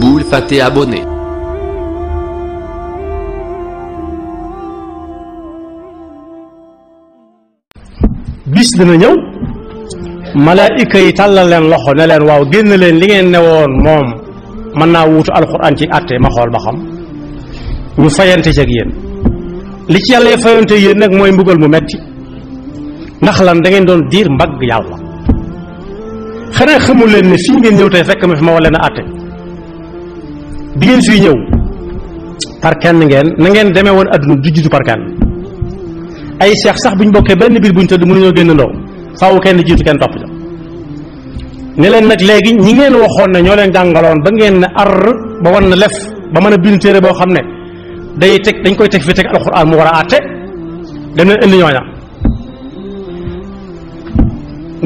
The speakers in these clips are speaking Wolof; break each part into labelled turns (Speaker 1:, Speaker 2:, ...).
Speaker 1: Boule Faté abonné. bis dina ñëw malaayika yi tàllal leen loxo ne leen waaw génn leen li ngeen ne woon moom mën naa wuutu alxuraan ci àtte ma xool ba xam ñu fayante ci ak yéen li ci yàlla fayante yéen nag mooy mbugal mu metti ndax lan dangeen doon diir mbagg yàlla xanaa xamul ne fii ngeen ñëw tey fekk ma fi ma war leen a àtte digeen suy ñëw par kenn ngeen na ngeen demee woon aduna du jitu par kenn ay cheikh sax buñ bokkee benn bir buñ tëdd mënuñoo génn ndaw faaw kenn jitu kenn topp ne leen nag léegi ñi ngeen waxoon ne ñoo leen jàngaloon ba ngeen ne ar ba wan na lef ba mën a bind téere boo xam ne day teg dañ koy teg fi teg alquran mu war a àtte dem leen indi ñooña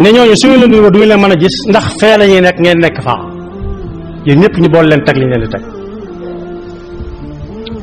Speaker 1: ne ñooñu suñu leen duñu duñu leen mën a gis ndax fee la ñuy nekk ngeen nekk faa yéen ñëpp ñu bool leen teg li ñu leen di teg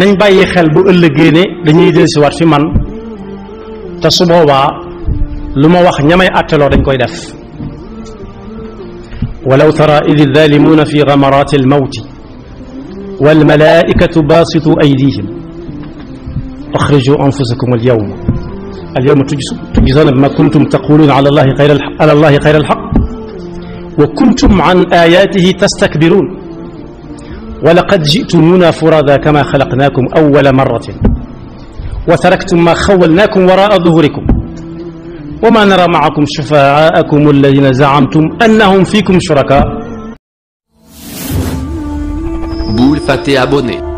Speaker 1: nañ bàyyi xel bu ëllëgee ne dañuy dellusiwaat fi man te su boobaa lu ma wax ñamay àttaloo dañ koy def walaw tara id zalimuna fi gamaraati almawti walmalaikatu basitu aydihim axrijuu anfusakum alyawma alyawma tujzawna bima kuntum taquluna ala allahi xayra alxaq wa kuntum an ayatihi tastakbiruun ولقد جئتمونا فرادى كما خلقناكم أول مرة وتركتم ما خولناكم وراء ظهوركم وما نرى معكم شفعاءكم الذين زعمتم أنهم فيكم شركاء Boule Faté abonné.